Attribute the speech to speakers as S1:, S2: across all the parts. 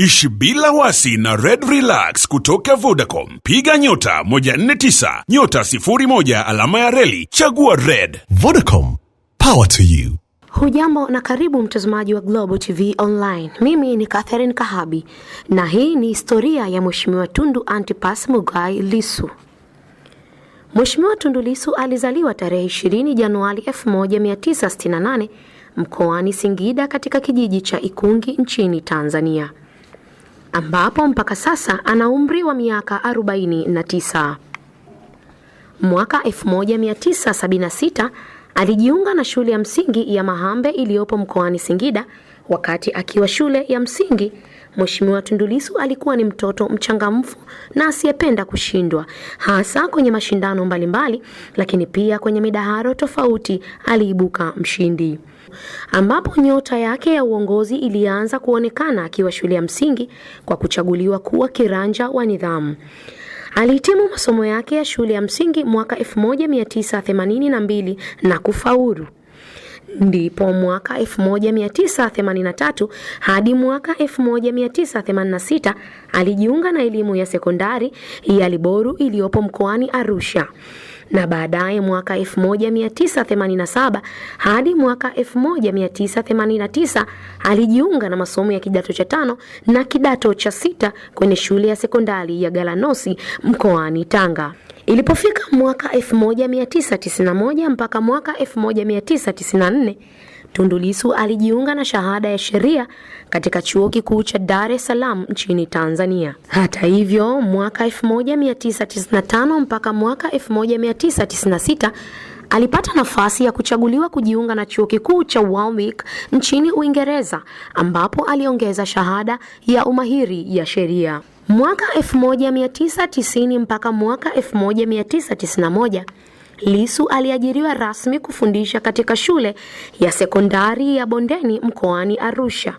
S1: Ishi bila wasi na Red Relax kutoka Vodacom. Piga nyota 149 nyota 01 alama ya reli chagua Red. Vodacom, power to you. Hujambo na karibu mtazamaji wa Global TV Online. Mimi ni Catherine Kahabi na hii ni historia ya Mheshimiwa Tundu Antipas Mugai lisu Mheshimiwa Tundu lisu alizaliwa tarehe 20 Januari 1968 mkoani Singida katika kijiji cha Ikungi nchini Tanzania ambapo mpaka sasa ana umri wa miaka 49. Mwaka 1976 alijiunga na shule ya msingi ya Mahambe iliyopo mkoani Singida. Wakati akiwa shule ya msingi, Mheshimiwa Tundu Lissu alikuwa ni mtoto mchangamfu na asiyependa kushindwa, hasa kwenye mashindano mbalimbali, lakini pia kwenye midaharo tofauti aliibuka mshindi ambapo nyota yake ya uongozi ilianza kuonekana akiwa shule ya msingi kwa kuchaguliwa kuwa kiranja wa nidhamu. Alihitimu masomo yake ya shule ya msingi mwaka 1982 na kufaulu. Ndipo mwaka 1983 hadi mwaka 1986 alijiunga na elimu ya sekondari ya Liboru iliyopo mkoani Arusha na baadaye mwaka 1987 hadi mwaka 1989 alijiunga na masomo ya kidato cha tano na kidato cha sita kwenye shule ya sekondari ya Galanosi mkoani Tanga. Ilipofika mwaka 1991 mpaka mwaka 1994 Tundu Lissu alijiunga na shahada ya sheria katika chuo kikuu cha Dar es Salaam nchini Tanzania. Hata hivyo, mwaka 1995 mpaka mwaka 1996 alipata nafasi ya kuchaguliwa kujiunga na chuo kikuu cha Warwick nchini Uingereza ambapo aliongeza shahada ya umahiri ya sheria. Mwaka 1990 mpaka mwaka 1991 Lisu aliajiriwa rasmi kufundisha katika shule ya sekondari ya Bondeni mkoani Arusha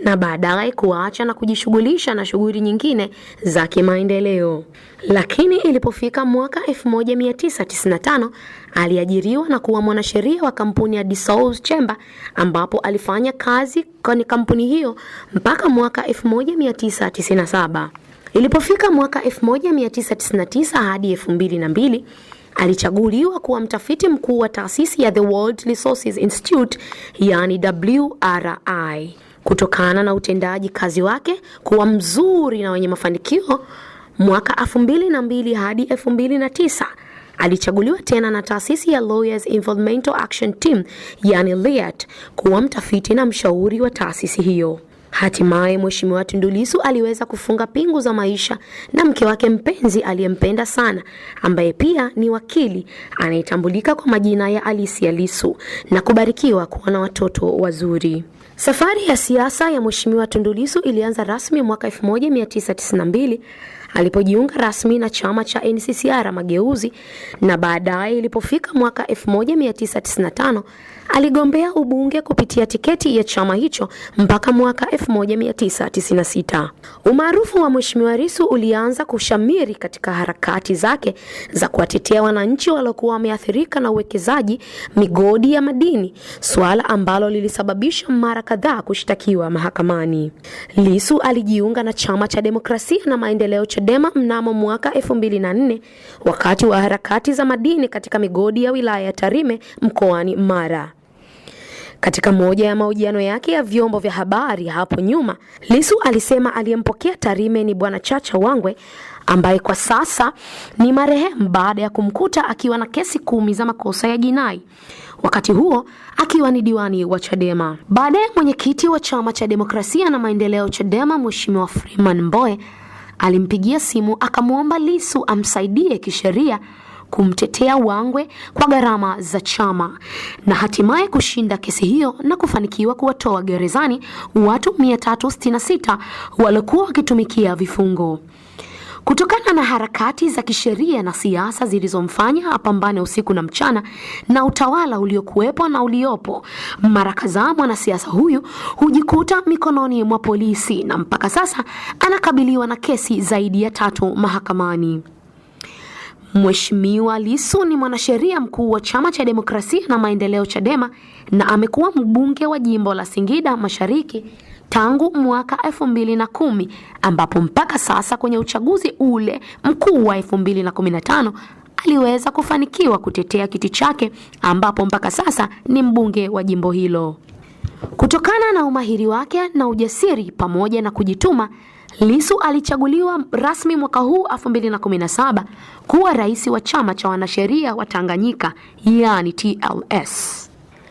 S1: na baadaye kuacha na kujishughulisha na shughuli nyingine za kimaendeleo. Lakini ilipofika mwaka 1995 aliajiriwa na kuwa mwanasheria wa kampuni ya Dessous Chamber ambapo alifanya kazi kwenye kampuni hiyo mpaka mwaka 1997. Ilipofika mwaka 1999 hadi 2002 alichaguliwa kuwa mtafiti mkuu wa taasisi ya The World Resources Institute, yani WRI kutokana na utendaji kazi wake kuwa mzuri na wenye mafanikio. Mwaka 2002 hadi 2009 alichaguliwa tena na taasisi ya Lawyers Environmental Action Team yani LEAT kuwa mtafiti na mshauri wa taasisi hiyo. Hatimaye Mheshimiwa Tundu Lissu aliweza kufunga pingu za maisha na mke wake mpenzi aliyempenda sana ambaye pia ni wakili anayetambulika kwa majina ya Alicia Lissu na kubarikiwa kuwa na watoto wazuri. Safari ya siasa ya Mheshimiwa Tundu Lissu ilianza rasmi mwaka 1992 alipojiunga rasmi na chama cha NCCR Mageuzi na baadaye ilipofika mwaka 1995 aligombea ubunge kupitia tiketi ya chama hicho mpaka mwaka 1996. Umaarufu wa Mheshimiwa Lissu ulianza kushamiri katika harakati zake za kuwatetea wananchi waliokuwa wameathirika na uwekezaji migodi ya madini, suala ambalo lilisababisha mara kadhaa kushtakiwa mahakamani. Lissu alijiunga na chama cha Demokrasia na Maendeleo Chadema mnamo mwaka 2004 wakati wa harakati za madini katika migodi ya wilaya ya Tarime mkoani Mara. Katika moja ya mahojiano yake ya vyombo vya habari hapo nyuma, Lissu alisema aliyempokea Tarime ni Bwana Chacha Wangwe ambaye kwa sasa ni marehemu baada ya kumkuta akiwa na kesi kumi za makosa ya jinai, wakati huo akiwa ni diwani wa Chadema. Baadaye mwenyekiti wa chama cha demokrasia na maendeleo Chadema, Mheshimiwa Freeman Mbowe alimpigia simu akamwomba lisu amsaidie kisheria kumtetea Wangwe kwa gharama za chama na hatimaye kushinda kesi hiyo na kufanikiwa kuwatoa gerezani watu 366 waliokuwa wakitumikia vifungo. Kutokana na harakati za kisheria na siasa zilizomfanya apambane usiku na mchana na utawala uliokuwepo na uliopo, mara kadhaa mwanasiasa huyu hujikuta mikononi mwa polisi na mpaka sasa anakabiliwa na kesi zaidi ya tatu mahakamani. Mheshimiwa Lissu ni mwanasheria mkuu wa Chama cha Demokrasia na Maendeleo Chadema na amekuwa mbunge wa jimbo la Singida Mashariki tangu mwaka 2010 ambapo mpaka sasa kwenye uchaguzi ule mkuu wa 2015 aliweza kufanikiwa kutetea kiti chake ambapo mpaka sasa ni mbunge wa jimbo hilo. Kutokana na umahiri wake na ujasiri pamoja na kujituma, Lissu alichaguliwa rasmi mwaka huu 2017 kuwa rais wa chama cha wanasheria wa Tanganyika, yani TLS.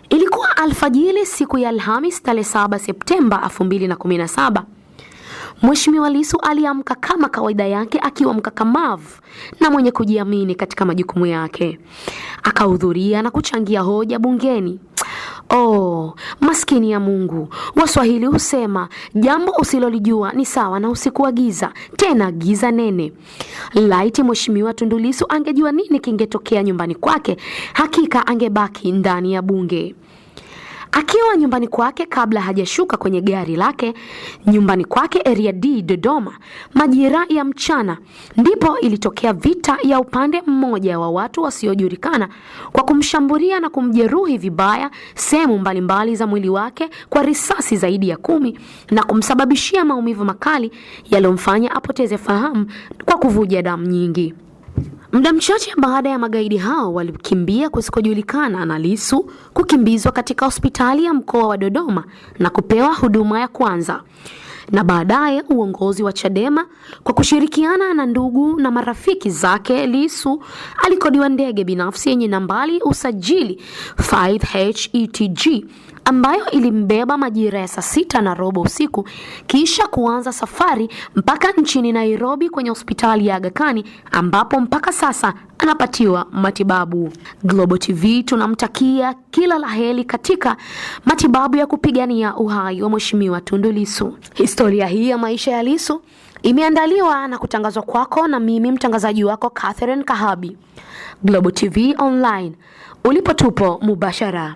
S1: Ilikuwa alfajili siku ya Alhamis tarehe 7 Septemba 2017 Mheshimiwa Lissu aliamka kama kawaida yake akiwa mkakamavu na mwenye kujiamini katika majukumu yake. Akahudhuria na kuchangia hoja bungeni. Oh, maskini ya Mungu. Waswahili husema jambo usilolijua ni sawa na usiku wa giza, tena giza nene. Laiti Mheshimiwa Tundu Lissu angejua nini kingetokea nyumbani kwake, hakika angebaki ndani ya bunge. Akiwa nyumbani kwake kabla hajashuka kwenye gari lake nyumbani kwake area D Dodoma, majira ya mchana, ndipo ilitokea vita ya upande mmoja wa watu wasiojulikana kwa kumshambulia na kumjeruhi vibaya sehemu mbalimbali za mwili wake kwa risasi zaidi ya kumi na kumsababishia maumivu makali yaliyomfanya apoteze fahamu kwa kuvuja damu nyingi. Muda mchache baada ya magaidi hao walikimbia kusikojulikana na Lissu kukimbizwa katika hospitali ya mkoa wa Dodoma na kupewa huduma ya kwanza. Na baadaye uongozi wa Chadema kwa kushirikiana na ndugu na marafiki zake Lissu alikodiwa ndege binafsi yenye nambari usajili 5HETG ambayo ilimbeba majira ya saa sita na robo usiku kisha kuanza safari mpaka nchini Nairobi kwenye hospitali ya Aga Khan ambapo mpaka sasa anapatiwa matibabu. Global TV tunamtakia kila la heli katika matibabu ya kupigania uhai wa Mheshimiwa Tundu Lissu. Historia hii ya maisha ya Lissu imeandaliwa na kutangazwa kwako na mimi mtangazaji wako Catherine Kahabi. Global TV Online, ulipo tupo mubashara.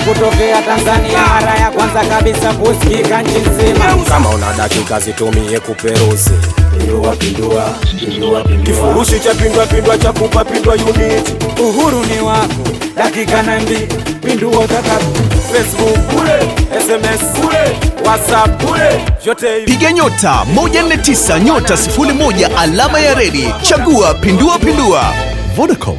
S2: Furahi kutokea Tanzania mara ya kwanza kabisa kusikika nchi nzima. Kama una dakika zitumie kuperuzi pindua, pindua, pindua, pindua. kifurushi cha pindua pindua cha kupa pindua unit. Uhuru ni wako, dakika na mbi pindua Facebook, SMS, WhatsApp,
S3: yote. Piga nyota 149 nyota 01 alama ya redi, chagua pindua pindua. Vodacom.